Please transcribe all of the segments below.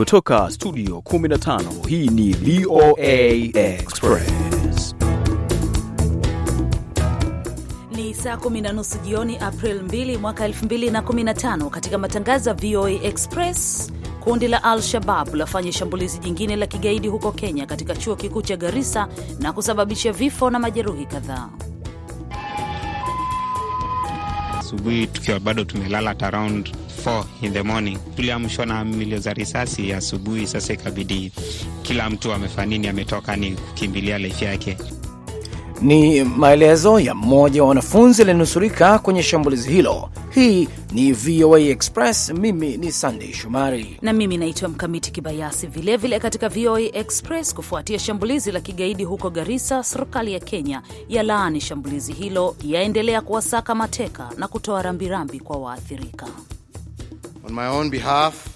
Kutoka studio 15 hii ni VOA Express. Ni saa kumi na nusu jioni, April 2 mwaka 2015. Katika matangazo ya VOA Express, kundi la Al-Shabab lafanya shambulizi jingine la kigaidi huko Kenya, katika chuo kikuu cha Garissa na kusababisha vifo na majeruhi kadhaa. Asubuhi tukiwa bado tumelala around 4 in the morning. Tuliamshwa na milio za risasi asubuhi, sasa ikabidi kila mtu amefanya nini, ametoka ni kukimbilia life yake. Ni maelezo ya mmoja wa wanafunzi alinusurika kwenye shambulizi hilo. Hii ni VOA Express. Mimi ni Sandey Shomari na mimi naitwa Mkamiti Kibayasi. Vilevile vile katika VOA Express, kufuatia shambulizi la kigaidi huko Garissa, serikali ya Kenya yalaani shambulizi hilo, yaendelea kuwasaka mateka na kutoa rambirambi kwa waathirika. On my own behalf,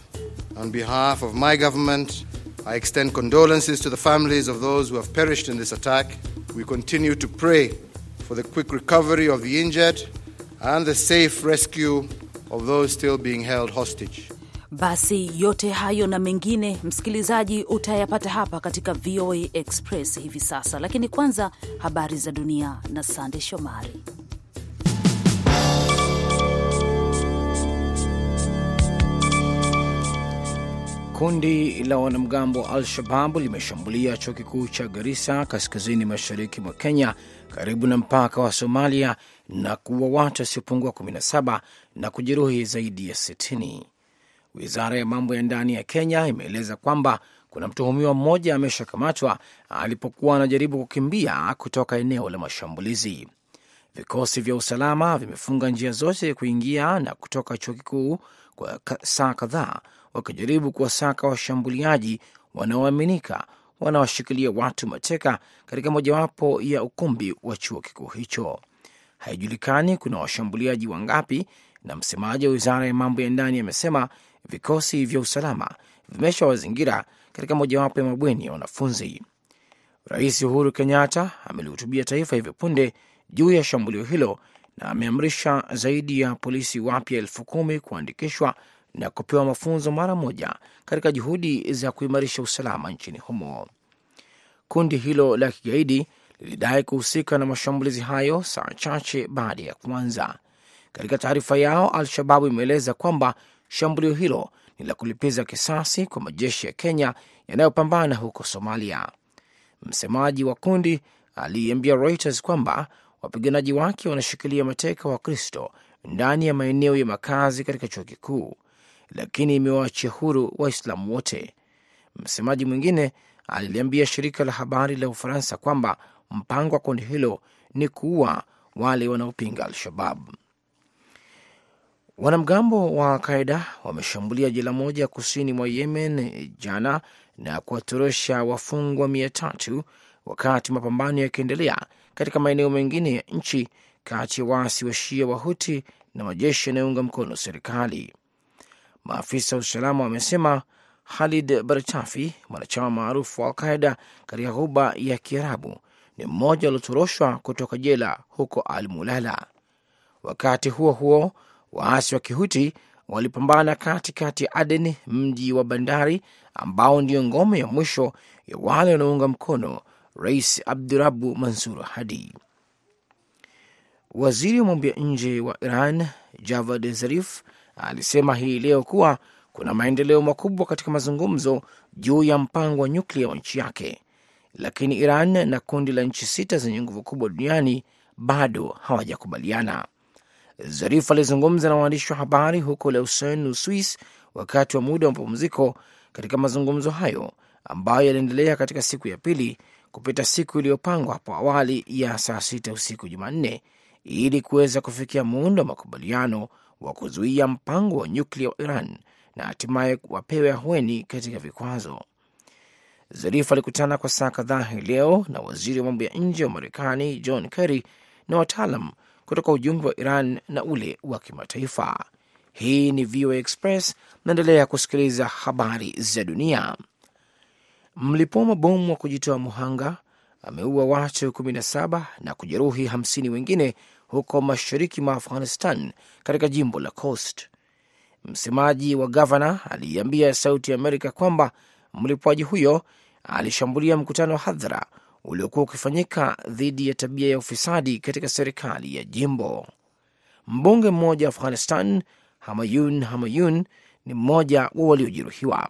on behalf of my government, I extend condolences to the families of those who have perished in this attack. We continue to pray for the quick recovery of the injured and the safe rescue of those still being held hostage. Basi yote hayo na mengine, msikilizaji, utayapata hapa katika VOA Express hivi sasa, lakini kwanza habari za dunia na Sande Shomari. Kundi la wanamgambo wa Al-Shababu limeshambulia chuo kikuu cha Garisa kaskazini mashariki mwa Kenya karibu na mpaka wa Somalia na kuua watu wasiopungua 17 na kujeruhi zaidi ya 60. Wizara ya mambo ya ndani ya Kenya imeeleza kwamba kuna mtuhumiwa mmoja ameshakamatwa alipokuwa anajaribu kukimbia kutoka eneo la mashambulizi. Vikosi vya usalama vimefunga njia zote kuingia na kutoka chuo kikuu kwa saa kadhaa wakijaribu kuwasaka washambuliaji wanaoaminika wanawashikilia watu mateka katika mojawapo ya ukumbi wa chuo kikuu hicho. Haijulikani kuna washambuliaji wangapi, na msemaji wa wizara ya mambo ya ndani amesema vikosi vya usalama vimesha wazingira katika mojawapo ya mabweni ya wanafunzi. Rais Uhuru Kenyatta amelihutubia taifa hivi punde juu ya shambulio hilo na ameamrisha zaidi ya polisi wapya elfu kumi kuandikishwa na kupewa mafunzo mara moja katika juhudi za kuimarisha usalama nchini humo. Kundi hilo la kigaidi lilidai kuhusika na mashambulizi hayo saa chache baada ya kuanza. Katika taarifa yao, Al-Shababu imeeleza kwamba shambulio hilo ni la kulipiza kisasi kwa majeshi ya Kenya yanayopambana huko Somalia. Msemaji wa kundi aliiambia Reuters kwamba wapiganaji wake wanashikilia mateka wa Kristo ndani ya maeneo ya makazi katika chuo kikuu lakini imewaachia huru Waislamu wote. Msemaji mwingine aliliambia shirika la habari la Ufaransa kwamba mpango wa kundi hilo ni kuua wale wanaopinga Al-Shabab. Wanamgambo wa Al-Qaida wameshambulia jela moja kusini mwa Yemen jana na kuwatorosha wafungwa mia tatu wakati mapambano yakiendelea katika maeneo mengine ya nchi kati ya waasi wa Shia wa Huti na majeshi yanayounga mkono serikali. Maafisa wa usalama wamesema Khalid Barchafi, mwanachama maarufu wa Alqaida katika Ghuba ya Kiarabu, ni mmoja waliotoroshwa kutoka jela huko Al Mulala. Wakati huo huo, waasi wa Kihuti walipambana katikati ya Aden, mji wa bandari ambao ndiyo ngome ya mwisho ya wale wanaounga mkono Rais Abdurabu Mansur Hadi. Waziri wa mambo ya nje wa Iran Javad Zarif alisema hii leo kuwa kuna maendeleo makubwa katika mazungumzo juu ya mpango wa nyuklia wa nchi yake, lakini Iran na kundi la nchi sita zenye nguvu kubwa duniani bado hawajakubaliana. Zarif alizungumza na waandishi wa habari huko Lausanne, Uswis, wakati wa muda wa mapumziko katika mazungumzo hayo ambayo yaliendelea katika siku ya pili kupita siku iliyopangwa hapo awali ya saa sita usiku Jumanne ili kuweza kufikia muundo wa makubaliano wa kuzuia mpango wa nyuklia wa Iran na hatimaye wapewe ahueni katika vikwazo. Zarif alikutana kwa saa kadhaa hii leo na waziri wa mambo ya nje wa Marekani John Kerry na wataalam kutoka ujumbe wa Iran na ule wa kimataifa. Hii ni VOA Express, naendelea kusikiliza habari za dunia. Mlipua mabomu wa kujitoa muhanga ameua watu 17 na kujeruhi 50 wengine huko mashariki mwa Afghanistan katika jimbo la Coast. Msemaji wa gavana aliiambia Sauti ya Amerika kwamba mlipuaji huyo alishambulia mkutano wa hadhara uliokuwa ukifanyika dhidi ya tabia ya ufisadi katika serikali ya jimbo. Mbunge mmoja wa Afghanistan, Hamayun Hamayun, ni mmoja wa waliojeruhiwa.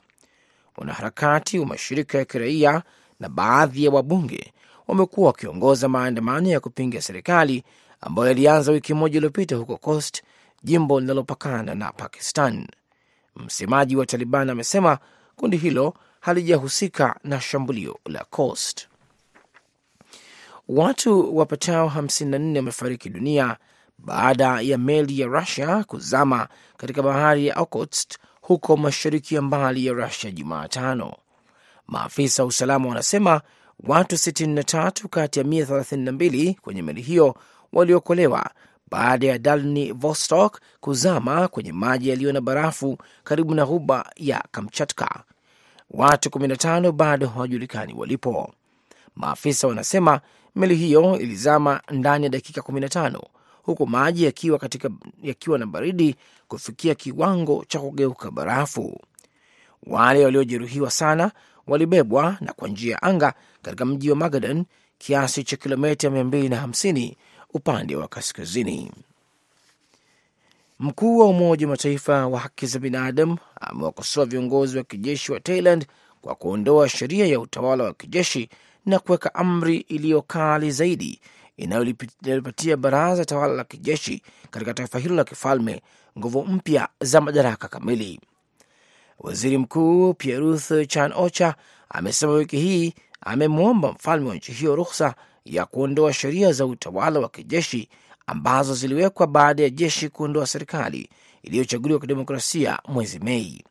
Wanaharakati wa mashirika ya kiraia na baadhi ya wabunge wamekuwa wakiongoza maandamano ya kupinga serikali ambayo yalianza wiki moja iliyopita huko Khost, jimbo linalopakana na Pakistan. Msemaji wa Taliban amesema kundi hilo halijahusika na shambulio la Khost. Watu wapatao 54 wamefariki dunia baada ya meli ya Rusia kuzama katika bahari ya Okotsk huko mashariki ya mbali ya Rusia Jumatano. Maafisa wa usalama wanasema watu 63 kati ya 132 kwenye meli hiyo waliokolewa baada ya Dalni Vostok kuzama kwenye maji yaliyo na barafu karibu na ghuba ya Kamchatka. Watu 15 bado hawajulikani walipo. Maafisa wanasema meli hiyo ilizama ndani ya dakika 15 huku maji yakiwa katika yakiwa na baridi kufikia kiwango cha kugeuka barafu. Wale waliojeruhiwa sana walibebwa na kwa njia ya anga katika mji wa Magadan, kiasi cha kilomita 250 upande wa kaskazini. Mkuu wa Umoja wa Mataifa wa haki za binadamu amewakosoa viongozi wa kijeshi wa Thailand kwa kuondoa sheria ya utawala wa kijeshi na kuweka amri iliyo kali zaidi inayolipatia baraza tawala la kijeshi katika taifa hilo la kifalme nguvu mpya za madaraka kamili. Waziri Mkuu Pieruth Chan Ocha amesema wiki hii amemwomba mfalme wa nchi hiyo ruhusa ya kuondoa sheria za utawala wa kijeshi ambazo ziliwekwa baada ya jeshi kuondoa serikali iliyochaguliwa kidemokrasia mwezi Mei.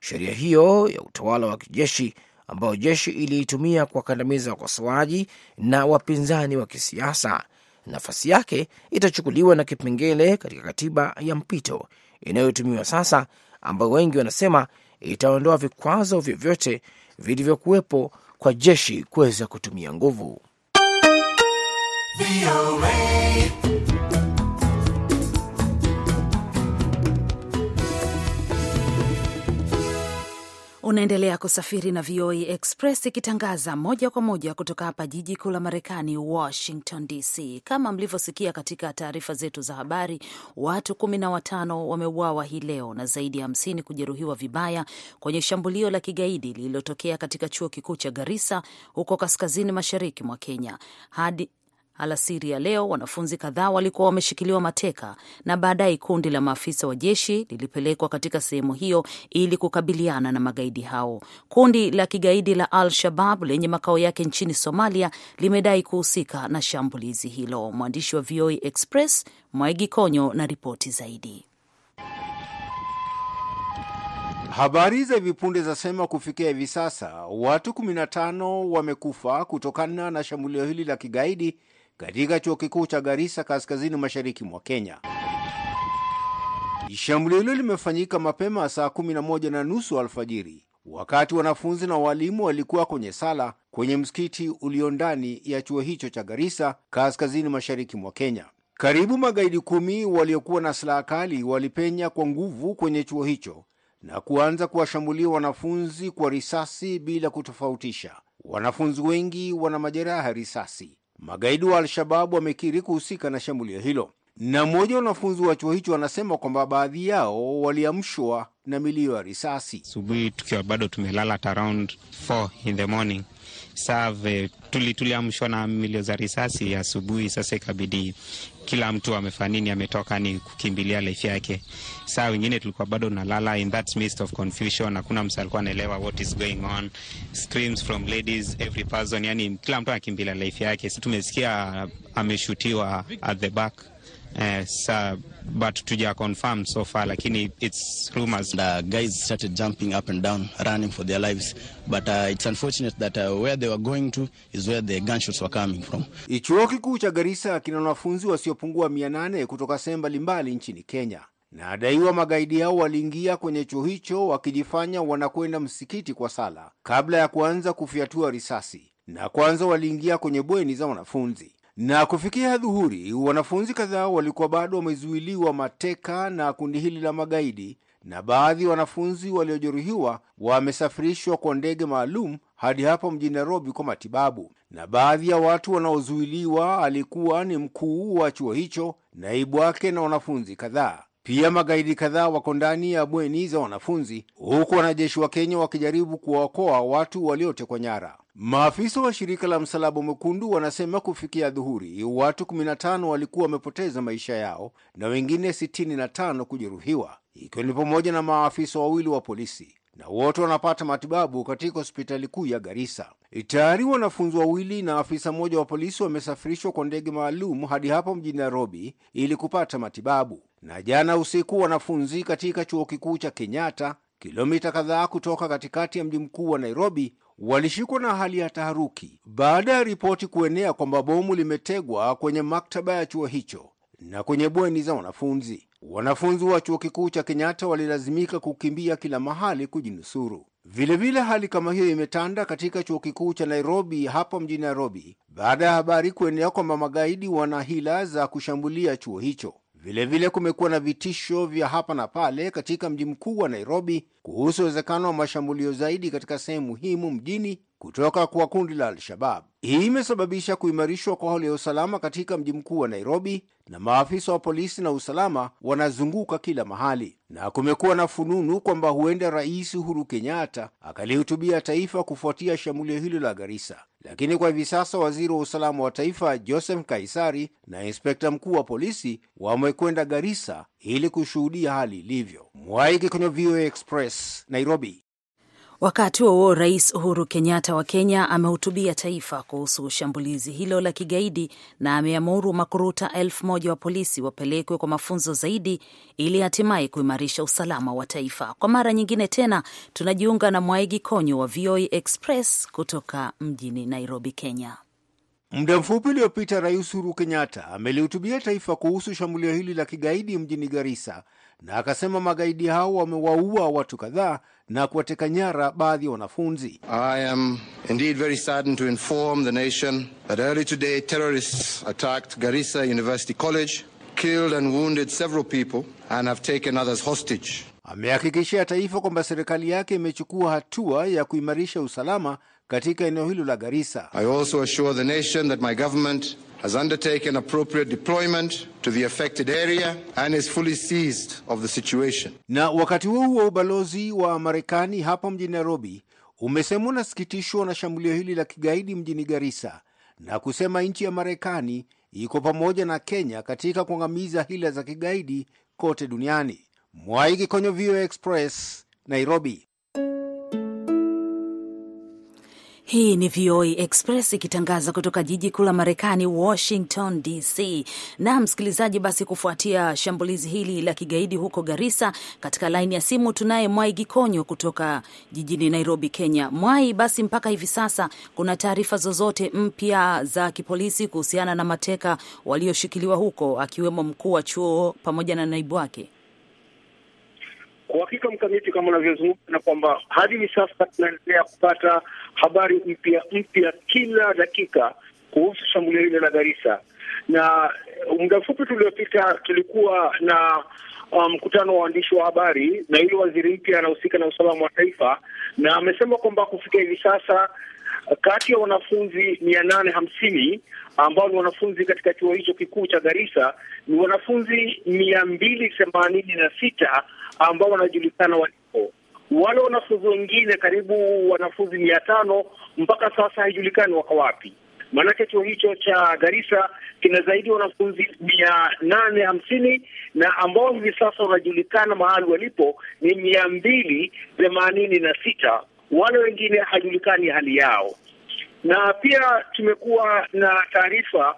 Sheria hiyo ya utawala wa kijeshi ambayo jeshi iliitumia kuwakandamiza wakosoaji na wapinzani wa kisiasa, nafasi yake itachukuliwa na kipengele katika katiba ya mpito inayotumiwa sasa, ambayo wengi wanasema itaondoa vikwazo vyovyote vilivyokuwepo kwa jeshi kuweza kutumia nguvu. Unaendelea kusafiri na VOA Express ikitangaza moja kwa moja kutoka hapa jiji kuu la Marekani, Washington DC. Kama mlivyosikia katika taarifa zetu za habari, watu kumi na watano wameuawa hii leo na zaidi ya hamsini kujeruhiwa vibaya kwenye shambulio la kigaidi lililotokea katika chuo kikuu cha Garissa huko kaskazini mashariki mwa Kenya. Hadi Alasiri ya leo wanafunzi kadhaa walikuwa wameshikiliwa mateka na baadaye kundi la maafisa wa jeshi lilipelekwa katika sehemu hiyo ili kukabiliana na magaidi hao. Kundi la kigaidi la Al Shabab lenye makao yake nchini Somalia limedai kuhusika na shambulizi hilo. Mwandishi wa VOA Express Mwaigi Konyo na ripoti zaidi. Habari za hivi punde zasema kufikia hivi sasa watu 15 wamekufa kutokana na shambulio hili la kigaidi katika chuo kikuu cha Garissa kaskazini mashariki mwa Kenya. Shambulio hilo limefanyika mapema saa kumi na moja na nusu alfajiri wakati wanafunzi na walimu walikuwa kwenye sala kwenye msikiti ulio ndani ya chuo hicho cha Garissa kaskazini mashariki mwa Kenya. Karibu magaidi kumi waliokuwa na silaha kali walipenya kwa nguvu kwenye chuo hicho na kuanza kuwashambulia wanafunzi kwa risasi bila kutofautisha. Wanafunzi wengi wana majeraha risasi. Magaidi wa Al-Shababu wamekiri kuhusika na shambulio hilo, na mmoja wa wanafunzi wa chuo hicho anasema kwamba baadhi yao waliamshwa na milio ya risasi. Asubuhi tukiwa bado tumelala at around 4 in the morning save tuliamshwa tuli na milio za risasi asubuhi, sasa ikabidi kila mtu amefanya nini, ametoka ni kukimbilia life yake. Saa wengine tulikuwa bado nalala, in that midst of confusion, hakuna mtu alikuwa anaelewa what is going on, screams from ladies, every person, yani kila mtu anakimbilia life yake. si tumesikia ameshutiwa at the back Uh, eh, so, but tuja confirm so far lakini it's rumors. The guys started jumping up and down running for their lives but uh, it's unfortunate that uh, where they were going to is where the gunshots were coming from. Chuo kikuu cha Garissa kina wanafunzi wasiopungua 800 kutoka sehemu mbalimbali nchini Kenya na magaidi hao waliingia kwenye chuo hicho wakijifanya wanakwenda msikiti kwa sala kabla ya kuanza kufyatua risasi na kwanza waliingia kwenye bweni za wanafunzi. Na kufikia dhuhuri, wanafunzi kadhaa walikuwa bado wamezuiliwa mateka na kundi hili la magaidi, na baadhi ya wanafunzi waliojeruhiwa wamesafirishwa kwa ndege maalum hadi hapo mjini Nairobi kwa matibabu. Na baadhi ya watu wanaozuiliwa alikuwa ni mkuu wa chuo hicho, naibu wake na wanafunzi kadhaa. Pia magaidi kadhaa wako ndani ya bweni za wanafunzi, huku wanajeshi wa Kenya wakijaribu kuwaokoa watu waliotekwa nyara. Maafisa wa shirika la Msalaba Mwekundu wanasema kufikia dhuhuri watu 15 walikuwa wamepoteza maisha yao na wengine 65 kujeruhiwa, ikiwa ni pamoja na maafisa wawili wa polisi na wote wanapata matibabu katika hospitali kuu ya Garissa. Tayari wanafunzi wawili na afisa mmoja wa polisi wamesafirishwa kwa ndege maalum hadi hapo mjini Nairobi ili kupata matibabu. Na jana usiku wanafunzi katika chuo kikuu cha Kenyatta, kilomita kadhaa kutoka katikati ya mji mkuu wa Nairobi, walishikwa na hali ya taharuki baada ya ripoti kuenea kwamba bomu limetegwa kwenye maktaba ya chuo hicho na kwenye bweni za wanafunzi. Wanafunzi wa chuo kikuu cha Kenyatta walilazimika kukimbia kila mahali kujinusuru. Vilevile, hali kama hiyo imetanda katika chuo kikuu cha Nairobi hapa mjini Nairobi, baada ya habari kuenea kwamba magaidi wana hila za kushambulia chuo hicho. Vilevile, kumekuwa na vitisho vya hapa na pale katika mji mkuu wa Nairobi kuhusu uwezekano wa mashambulio zaidi katika sehemu muhimu mjini kutoka kwa kundi la Al-Shabab. Hii imesababisha kuimarishwa kwa hali ya usalama katika mji mkuu wa Nairobi, na maafisa wa polisi na usalama wanazunguka kila mahali, na kumekuwa na fununu kwamba huenda Rais Uhuru Kenyatta akalihutubia taifa kufuatia shambulio hilo la Garissa. Lakini kwa hivi sasa waziri wa usalama wa taifa Joseph Kaisari na inspekta mkuu wa polisi wamekwenda Garissa ili kushuhudia hali ilivyo. Mwaiki kwenye VOA Express, Nairobi. Wakati huo huo, Rais Uhuru Kenyatta wa Kenya amehutubia taifa kuhusu shambulizi hilo la kigaidi na ameamuru makuruta elfu moja wa polisi wapelekwe kwa mafunzo zaidi ili hatimaye kuimarisha usalama wa taifa. Kwa mara nyingine tena tunajiunga na Mwaigi Konyo wa VOA e Express kutoka mjini Nairobi, Kenya. Muda mfupi uliopita Rais Uhuru Kenyatta amelihutubia taifa kuhusu shambulio hili la kigaidi mjini Garissa na akasema magaidi hao wamewaua watu kadhaa na kuwateka nyara baadhi ya wanafunzi. I am indeed very saddened to inform the nation that early today terrorists attacked Garissa University College, killed and wounded several people and have taken others hostage. Amehakikishia taifa kwamba serikali yake imechukua hatua ya kuimarisha usalama katika eneo hilo la Garissa. I also assure the nation that my government has undertaken appropriate deployment to the affected area and is fully seized of the situation. Na wakati huo huo ubalozi wa Marekani hapa mjini Nairobi umesema unasikitishwa na shambulio hili la kigaidi mjini Garissa na kusema nchi ya Marekani iko pamoja na Kenya katika kuangamiza hila za kigaidi kote duniani. Mwaiki kwenye VOA Express, Nairobi. Hii ni VOA e Express ikitangaza kutoka jiji kuu la Marekani, Washington DC. Na msikilizaji, basi kufuatia shambulizi hili la kigaidi huko Garissa, katika laini ya simu tunaye Mwai Gikonyo kutoka jijini Nairobi, Kenya. Mwai, basi mpaka hivi sasa kuna taarifa zozote mpya za kipolisi kuhusiana na mateka walioshikiliwa huko, akiwemo mkuu wa chuo pamoja na naibu wake? Kwa hakika mkamiti, kama unavyozungumza, na kwamba hadi hivi sasa tunaendelea kupata habari mpya mpya kila dakika kuhusu shambulio hilo la Garissa, na eh, muda mfupi tuliopita tulikuwa na um, mkutano um, wa waandishi wa habari na yule waziri mpya anahusika na usalama wa taifa, na amesema kwamba kufikia hivi sasa kati ya wanafunzi mia nane hamsini ambao ni wanafunzi katika chuo hicho kikuu cha Garissa ni wanafunzi mia mbili themanini na sita ambao wanajulikana walipo. Wale wanafunzi wengine karibu wanafunzi mia tano mpaka sasa haijulikani wako wapi. Maanake chuo hicho cha Garissa kina zaidi wanafunzi mia nane hamsini na ambao hivi sasa wanajulikana mahali walipo ni mia mbili themanini na sita wale wengine hajulikani hali yao. Na pia tumekuwa na taarifa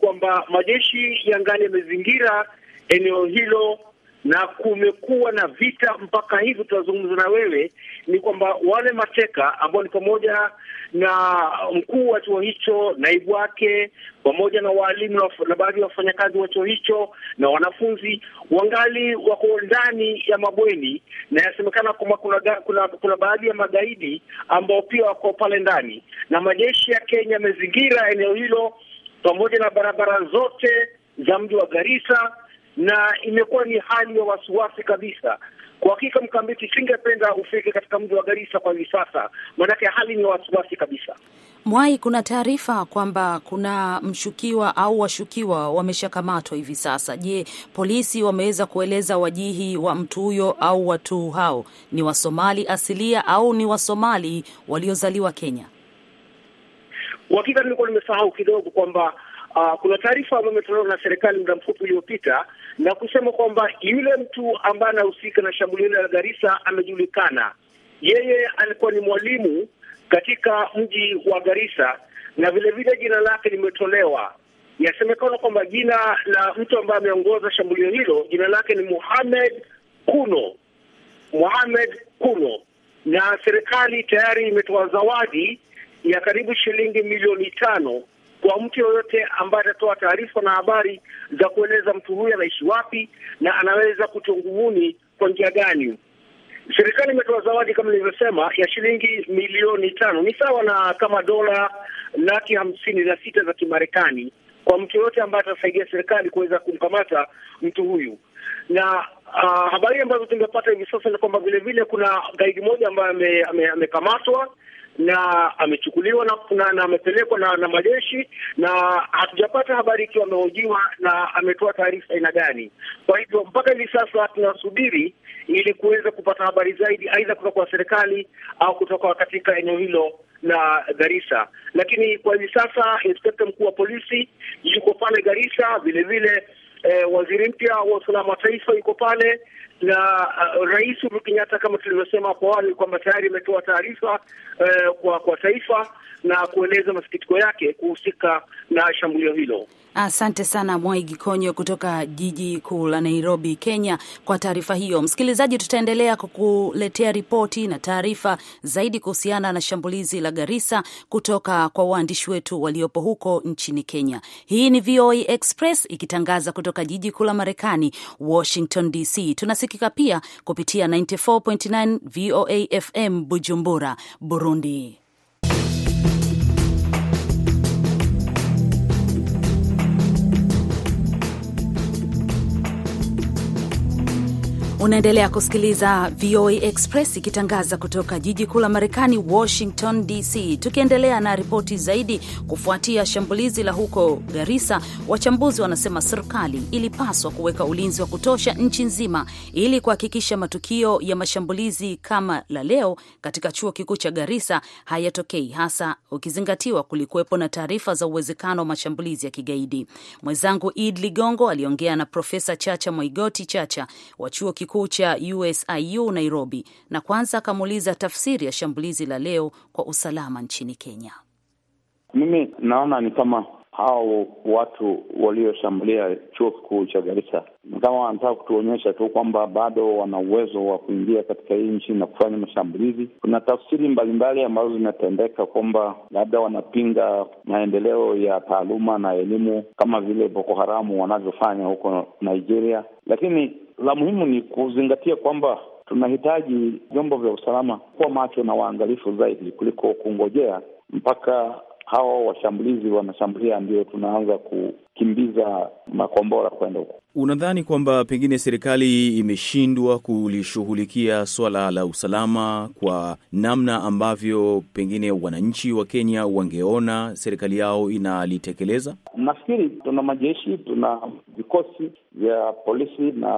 kwamba majeshi yangali yamezingira eneo hilo na kumekuwa na vita mpaka hivi tunazungumza na wewe, ni kwamba wale mateka ambao ni pamoja na mkuu wa chuo hicho, naibu wake, pamoja na waalimu na baadhi ya wafanyakazi wa chuo hicho na wanafunzi, wangali wako ndani ya mabweni, na yasemekana kwamba kuna, kuna, kuna baadhi ya magaidi ambao pia wako pale ndani, na majeshi ya Kenya yamezingira eneo hilo pamoja na barabara zote za mji wa Garissa na imekuwa ni hali ya wasiwasi kabisa. Kwa hakika, Mkambiti, singependa ufike katika mji wa Garissa kwa hivi sasa, maanake hali ni wasiwasi kabisa. Mwai, kuna taarifa kwamba kuna mshukiwa au washukiwa wameshakamatwa hivi sasa. Je, polisi wameweza kueleza wajihi wa mtu huyo au watu hao? Ni Wasomali asilia au ni Wasomali waliozaliwa Kenya? Uhakika nilikuwa nimesahau kidogo kwamba Uh, kuna taarifa ambayo imetolewa na serikali muda mfupi uliopita na kusema kwamba yule mtu ambaye anahusika na shambulio la Garissa amejulikana. Yeye alikuwa ni mwalimu katika mji wa Garissa na vile vile jina lake limetolewa. Yasemekana kwamba jina la mtu ambaye ameongoza shambulio hilo jina lake ni Mohamed Kuno, Mohamed Kuno, na serikali tayari imetoa zawadi ya karibu shilingi milioni tano kwa mtu yoyote ambaye atatoa taarifa na habari za kueleza mtu huyu anaishi wapi na anaweza kutiwa kwa njia gani. Serikali imetoa zawadi kama nilivyosema ya shilingi milioni tano, ni sawa na kama dola laki hamsini na sita za Kimarekani kwa mtu yoyote ambaye atasaidia serikali kuweza kumkamata mtu huyu. Na uh, habari ambazo tumepata hivi sasa ni kwamba vilevile kuna gaidi moja ambaye amekamatwa ame, ame na amechukuliwa na amepelekwa na, na, na majeshi na hatujapata habari ikiwa amehojiwa na ametoa taarifa aina gani. Kwa hivyo mpaka hivi sasa tunasubiri ili kuweza kupata habari zaidi, aidha kutoka kwa serikali au kutoka katika eneo hilo la Garissa. Lakini kwa hivi sasa inspekta mkuu wa polisi yuko pale Garissa, vile vile eh, waziri mpya wa usalama wa taifa yuko pale na uh, Rais Uhuru Kenyatta kama tulivyosema hapo awali kwamba tayari imetoa taarifa uh, kwa kwa taifa na kueleza masikitiko yake kuhusika na shambulio hilo. Asante sana Mwai Gikonyo kutoka jiji kuu la Nairobi, Kenya, kwa taarifa hiyo. Msikilizaji, tutaendelea kukuletea ripoti na taarifa zaidi kuhusiana na shambulizi la Garissa kutoka kwa waandishi wetu waliopo huko nchini Kenya. Hii ni VOA Express ikitangaza kutoka jiji kuu la Marekani, Washington DC. Tunasikia tunasikika pia kupitia 94.9 VOA FM Bujumbura, Burundi. Unaendelea kusikiliza VOA Express ikitangaza kutoka jiji kuu la Marekani, Washington DC. Tukiendelea na ripoti zaidi kufuatia shambulizi la huko Garissa, wachambuzi wanasema serikali ilipaswa kuweka ulinzi wa kutosha nchi nzima ili kuhakikisha matukio ya mashambulizi kama la leo katika chuo kikuu cha Garissa hayatokei, hasa ukizingatiwa kulikuwepo na taarifa za uwezekano wa mashambulizi ya kigaidi. Mwenzangu Id Ligongo aliongea na Profesa Chacha Mwaigoti Chacha wa chuo kikuu kikuu cha USIU Nairobi, na kwanza akamuuliza tafsiri ya shambulizi la leo kwa usalama nchini Kenya. Mimi naona ni kama hao watu walioshambulia chuo kikuu cha Garissa ni kama wanataka kutuonyesha tu kwamba bado wana uwezo wa kuingia katika hii nchi na kufanya mashambulizi. Kuna tafsiri mbalimbali ambazo zinatendeka kwamba labda wanapinga maendeleo ya taaluma na elimu kama vile Boko Haramu wanavyofanya huko Nigeria, lakini la muhimu ni kuzingatia kwamba tunahitaji vyombo vya usalama kuwa macho na waangalifu zaidi kuliko kungojea mpaka hawa washambulizi wanashambulia ndio tunaanza kukimbiza makombora kwenda huko. Unadhani kwamba pengine serikali imeshindwa kulishughulikia swala la usalama kwa namna ambavyo pengine wananchi wa Kenya wangeona serikali yao inalitekeleza? Nafikiri tuna majeshi, tuna vikosi vya polisi na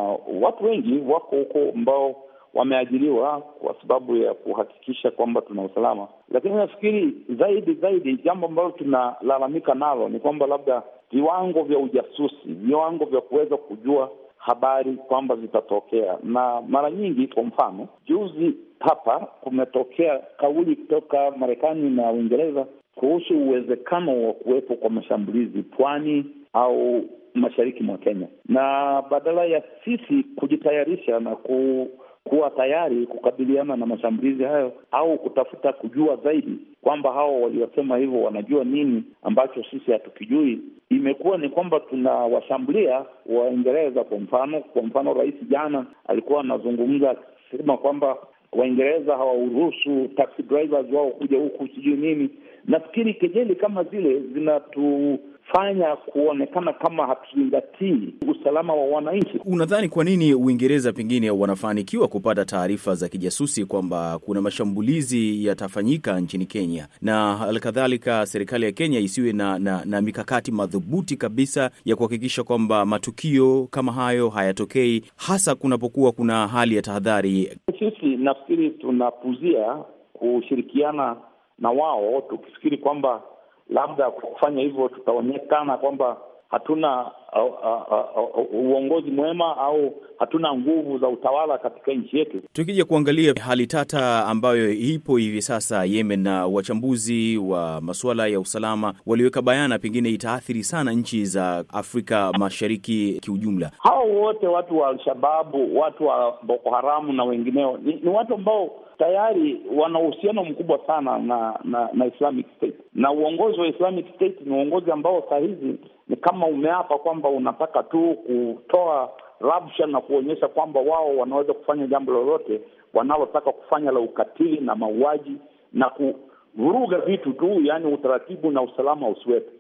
watu wengi wako huko ambao wameajiriwa kwa sababu ya kuhakikisha kwamba tuna usalama, lakini nafikiri zaidi zaidi, jambo ambalo tunalalamika nalo ni kwamba labda viwango vya ujasusi, viwango vya kuweza kujua habari kwamba zitatokea. Na mara nyingi, kwa mfano, juzi hapa kumetokea kauli kutoka Marekani na Uingereza kuhusu uwezekano wa kuwepo kwa mashambulizi pwani au mashariki mwa Kenya, na badala ya sisi kujitayarisha na ku kuwa tayari kukabiliana na mashambulizi hayo au kutafuta kujua zaidi kwamba hao waliosema hivyo wanajua nini ambacho sisi hatukijui. Imekuwa ni kwamba tunawashambulia Waingereza kwa mfano. Kwa mfano, rais jana alikuwa anazungumza akisema kwamba Waingereza hawaruhusu taxi drivers wao kuja huku, sijui nini Nafikiri kejeli kama zile zinatufanya kuonekana kama hatuzingatii usalama wa wananchi. Unadhani kwa nini Uingereza pengine wanafanikiwa kupata taarifa za kijasusi kwamba kuna mashambulizi yatafanyika nchini Kenya, na halikadhalika serikali ya Kenya isiwe na, na, na mikakati madhubuti kabisa ya kuhakikisha kwamba matukio kama hayo hayatokei, hasa kunapokuwa kuna hali ya tahadhari? Sisi nafikiri tunapuzia kushirikiana na wao, tukifikiri kwamba labda kwa kufanya hivyo tutaonekana kwamba hatuna uh, uh, uh, uh, uongozi mwema au hatuna nguvu za utawala katika nchi yetu. Tukija kuangalia hali tata ambayo ipo hivi sasa Yemen, na wachambuzi wa masuala ya usalama waliweka bayana, pengine itaathiri sana nchi za Afrika Mashariki kiujumla. hawa wote watu wa Alshababu, watu wa Boko Haramu na wengineo ni, ni watu ambao tayari wana uhusiano mkubwa sana na, na na Islamic State na uongozi wa Islamic State ni uongozi ambao saa hizi ni kama umeapa kwamba unataka tu kutoa rabsha na kuonyesha kwamba wao wanaweza kufanya jambo lolote wanalotaka kufanya la ukatili na mauaji na kuvuruga vitu tu, yaani utaratibu na usalama usiwepo.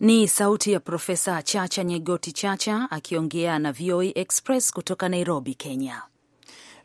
Ni sauti ya Profesa Chacha Nyegoti Chacha akiongea na VOA Express kutoka Nairobi, Kenya.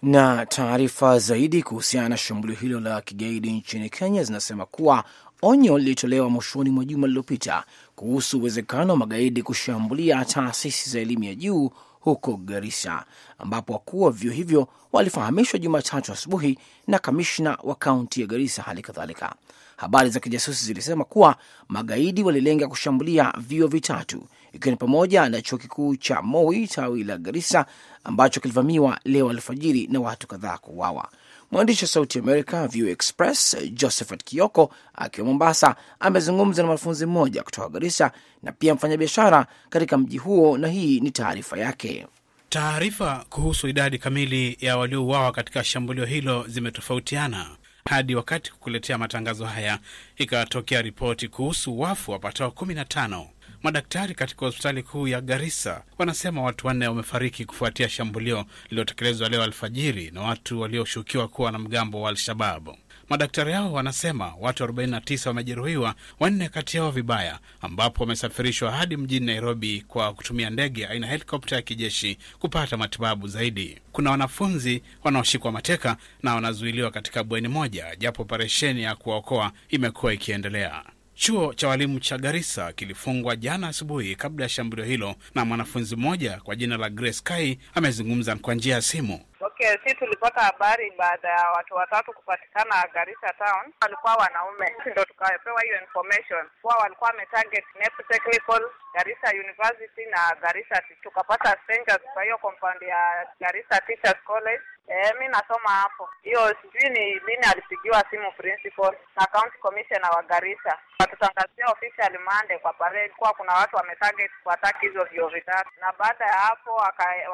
Na taarifa zaidi kuhusiana na shambulio hilo la kigaidi nchini Kenya zinasema kuwa onyo lilitolewa mwishoni mwa juma lililopita kuhusu uwezekano wa magaidi kushambulia taasisi za elimu ya juu huko Garisa, ambapo wakuu wa vyuo hivyo walifahamishwa Jumatatu asubuhi na kamishna wa kaunti ya Garisa. Hali kadhalika, habari za kijasusi zilisema kuwa magaidi walilenga kushambulia vyuo vitatu, ikiwa ni pamoja na chuo kikuu cha Moi tawi la Garisa ambacho kilivamiwa leo alfajiri na watu kadhaa kuuawa. Mwandishi wa Sauti America VOA Express Josephat Kioko akiwa Mombasa amezungumza na mwanafunzi mmoja kutoka Garisa na pia mfanyabiashara katika mji huo, na hii ni taarifa yake. Taarifa kuhusu idadi kamili ya waliouawa katika shambulio hilo zimetofautiana hadi wakati kukuletea matangazo haya, ikatokea ripoti kuhusu wafu wapatao 15 Madaktari katika hospitali kuu ya Garissa wanasema watu wanne wamefariki kufuatia shambulio lililotekelezwa leo alfajiri na watu walioshukiwa kuwa na mgambo wa Al-Shababu. Madaktari hao wanasema watu 49 wamejeruhiwa, wanne kati yao vibaya, ambapo wamesafirishwa hadi mjini Nairobi kwa kutumia ndege aina helikopta ya kijeshi kupata matibabu zaidi. Kuna wanafunzi wanaoshikwa mateka na wanazuiliwa katika bweni moja, japo operesheni ya kuwaokoa imekuwa ikiendelea. Chuo cha walimu cha Garissa kilifungwa jana asubuhi kabla ya shambulio hilo, na mwanafunzi mmoja kwa jina la Grace Kai amezungumza kwa njia ya simu. Okay, si tulipata habari baada ya watu watatu kupatikana Garissa town, walikuwa wanaume, ndo tukapewa hiyo information kuwa walikuwa wametarget NEP Technical, Garissa University na Garissa, tukapata strangers kwa hiyo compound ya Garissa Teachers College Eh, mi nasoma hapo. Hiyo sijui ni lini alipigiwa simu principal na county commissioner wa Garissa, watutangazia official mande kwa parade kuwa kuna watu wametarget kuataki hizo vio vitatu, na baada ya hapo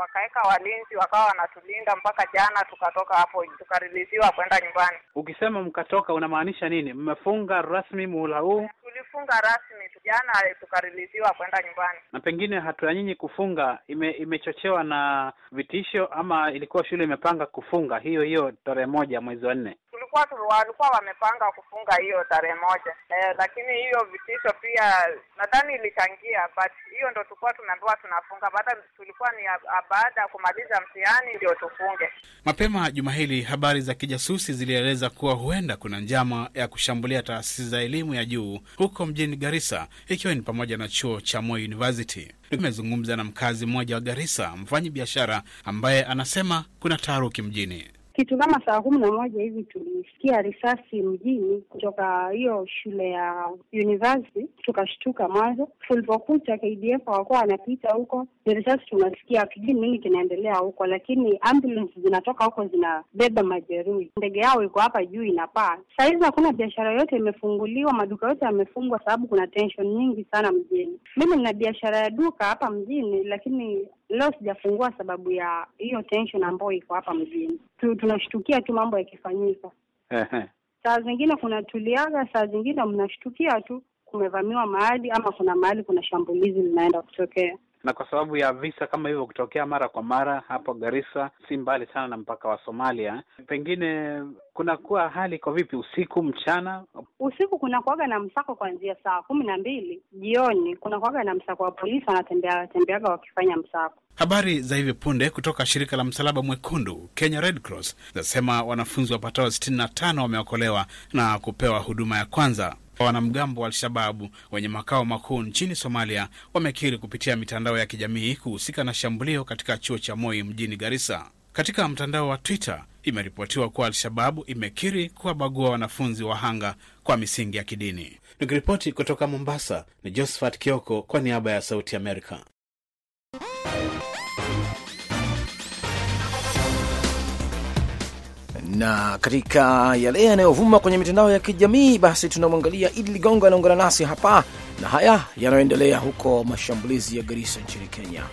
wakaweka walinzi wakawa wanatulinda mpaka jana tukatoka hapo, tukariliziwa kwenda nyumbani. Ukisema mkatoka unamaanisha nini? Mmefunga rasmi muhula huu? Eh, tulifunga rasmi jana, tukariliziwa kwenda nyumbani. Na pengine hatua nyinyi kufunga ime, imechochewa na vitisho ama ilikuwa shule imepanga kufunga hiyo hiyo tarehe moja mwezi wa nne tulikuwa walikuwa wamepanga kufunga hiyo tarehe moja eh, lakini hiyo vitisho pia nadhani ilichangia, but hiyo ndo tulikuwa tunaambiwa tunafunga, baada tulikuwa ni baada ya kumaliza mtihani ndio tufunge. Mapema juma hili habari za kijasusi zilieleza kuwa huenda kuna njama ya kushambulia taasisi za elimu ya juu huko mjini garisa ikiwa ni pamoja na chuo cha Moi University. imezungumza na mkazi mmoja wa garisa mfanyi biashara ambaye anasema kuna taharuki mjini. Kitu kama saa kumi na moja hivi tulisikia risasi mjini kutoka hiyo shule ya university, tukashtuka mwanzo. Tulipokuta KDF wakuwa wanapita huko, ni risasi tunasikia, hatujui nini kinaendelea huko, lakini ambulance zinatoka huko zinabeba majeruhi. Ndege yao iko hapa juu inapaa. Saa hizi hakuna biashara yote imefunguliwa, maduka yote yamefungwa sababu kuna tension nyingi sana mjini. Mimi nina biashara ya duka hapa mjini, lakini Leo sijafungua sababu ya hiyo tension ambayo iko hapa mjini tu, tunashtukia tu mambo yakifanyika. saa zingine kuna tuliaga saa zingine mnashtukia tu kumevamiwa mahali ama kuna mahali kuna shambulizi linaenda kutokea na kwa sababu ya visa kama hivyo kutokea mara kwa mara hapo Garissa, si mbali sana na mpaka wa Somalia, pengine kunakuwa hali iko vipi usiku, mchana? Usiku kunakuwaga na msako kuanzia saa kumi na mbili jioni, kunakuwaga na msako wa polisi, wanatembea tembeaga wakifanya msako. Habari za hivi punde kutoka shirika la Msalaba Mwekundu Kenya Red Cross zinasema wanafunzi wapatao sitini na tano wameokolewa na kupewa huduma ya kwanza Wanamgambo wa Al-Shababu wenye makao makuu nchini Somalia wamekiri kupitia mitandao ya kijamii kuhusika na shambulio katika chuo cha Moi mjini garisa Katika mtandao wa Twitter imeripotiwa kuwa Al-Shababu imekiri kuwabagua wanafunzi wahanga kwa misingi ya kidini. Nikiripoti kutoka Mombasa ni Josephat Kioko kwa niaba ya Sauti Amerika. na katika yale yanayovuma kwenye mitandao ya kijamii basi tunamwangalia Idi Ligongo anaungana nasi hapa na haya yanayoendelea huko mashambulizi ya garisa nchini Kenya.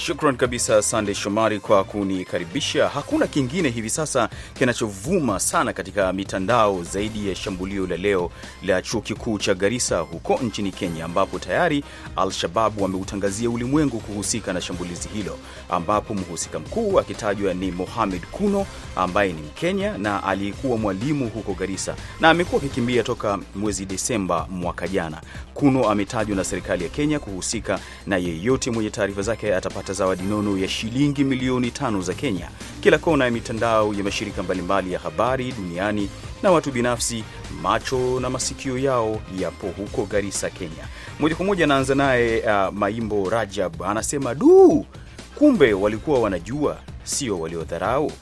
Shukran kabisa Sandey Shomari kwa kunikaribisha. Hakuna kingine hivi sasa kinachovuma sana katika mitandao zaidi ya shambulio la leo la chuo kikuu cha Garissa huko nchini Kenya, ambapo tayari Al-Shabab wameutangazia ulimwengu kuhusika na shambulizi hilo, ambapo mhusika mkuu akitajwa ni Mohamed Kuno ambaye ni Mkenya na aliyekuwa mwalimu huko Garissa na amekuwa akikimbia toka mwezi Desemba mwaka jana. Kuno ametajwa na serikali ya Kenya kuhusika, na yeyote mwenye taarifa zake atapata zawadi nono ya shilingi milioni tano za Kenya. Kila kona ya mitandao ya mashirika mbalimbali ya habari duniani na watu binafsi, macho na masikio yao yapo huko Garissa, Kenya. Moja kwa moja anaanza naye uh, Maimbo Rajab anasema du kumbe walikuwa wanajua, sio waliodharau.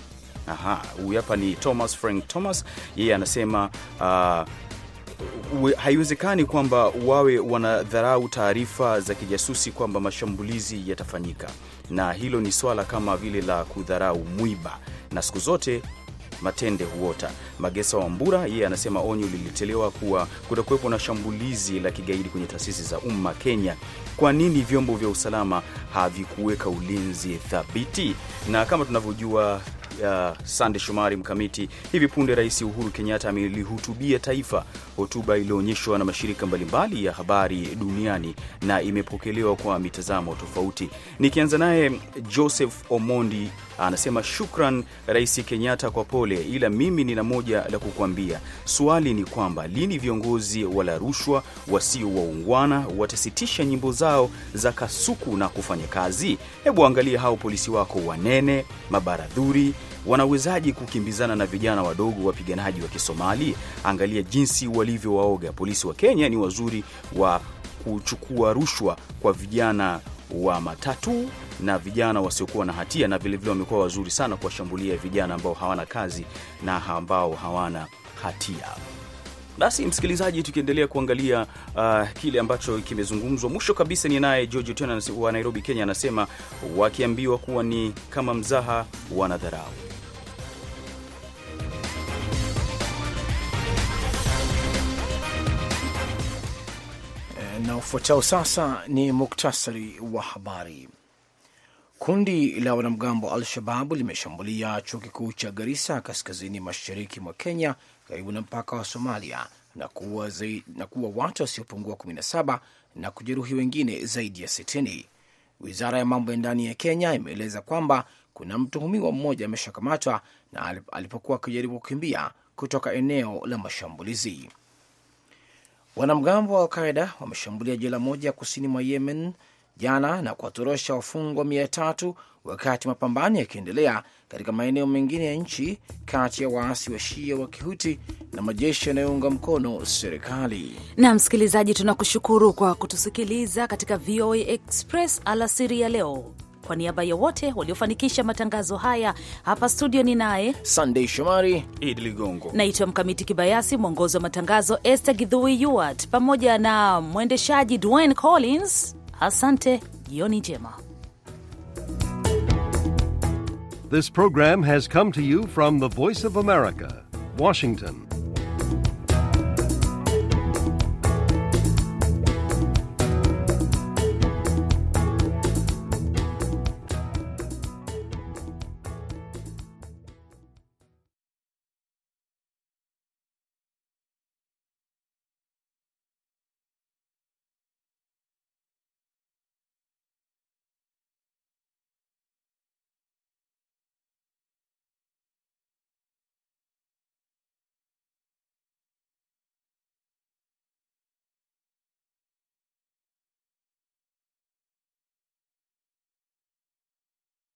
Aha, huyu hapa ni Thomas Frank Thomas, yeye anasema uh, haiwezekani kwamba wawe wanadharau taarifa za kijasusi kwamba mashambulizi yatafanyika, na hilo ni swala kama vile la kudharau mwiba, na siku zote matende huota. Magesa wa mbura yeye anasema onyo lilitolewa kuwa kutakuwepo na shambulizi la kigaidi kwenye taasisi za umma Kenya. Kwa nini vyombo vya usalama havikuweka ulinzi thabiti? Na kama tunavyojua uh, Sande Shomari Mkamiti. Hivi punde Rais Uhuru Kenyatta amelihutubia taifa, hotuba iliyoonyeshwa na mashirika mbalimbali ya habari duniani na imepokelewa kwa mitazamo tofauti. Nikianza naye Joseph Omondi anasema shukran Rais Kenyatta kwa pole, ila mimi nina moja la kukuambia. Swali ni kwamba lini viongozi wala rushwa wasio waungwana watasitisha nyimbo zao za kasuku na kufanya kazi? Hebu angalia hao polisi wako wanene, mabaradhuri wanawezaji kukimbizana na vijana wadogo wapiganaji wa Kisomali? Angalia jinsi walivyowaoga. Polisi wa Kenya ni wazuri wa kuchukua rushwa kwa vijana wa matatu na vijana wasiokuwa na hatia, na vilevile wamekuwa wazuri sana kuwashambulia vijana ambao hawana kazi na ambao hawana hatia. Basi msikilizaji, tukiendelea kuangalia uh, kile ambacho kimezungumzwa, mwisho kabisa ni naye George Tena wa Nairobi, Kenya, anasema wakiambiwa kuwa ni kama mzaha wanadharau. Na ufuatao sasa ni muktasari wa habari. Kundi la wanamgambo wa Al-Shababu limeshambulia chuo kikuu cha Garisa kaskazini mashariki mwa Kenya, karibu na mpaka wa Somalia na kuua na kuwa watu wasiopungua 17 na kujeruhi wengine zaidi ya 60. Wizara ya mambo ya ndani ya Kenya imeeleza kwamba kuna mtuhumiwa mmoja ameshakamatwa na alipokuwa akijaribu kukimbia kutoka eneo la mashambulizi. Wanamgambo wa Alqaida wameshambulia jela moja kusini mwa Yemen jana na kuwatorosha wafungwa mia tatu wakati mapambano yakiendelea katika maeneo mengine ya nchi kati ya waasi wa Shia wa Kihuti na majeshi yanayounga mkono serikali. Na msikilizaji, tunakushukuru kwa kutusikiliza katika VOA Express alasiri ya leo. Kwa niaba ya wote waliofanikisha matangazo haya hapa studio, ni naye sandey Shomari, Idi Ligongo, naitwa Mkamiti Kibayasi, mwongozi wa matangazo Esther Gidhui Yuart, pamoja na mwendeshaji Dwayne Collins. Asante, jioni njema. This program has come to you from the Voice of America, Washington.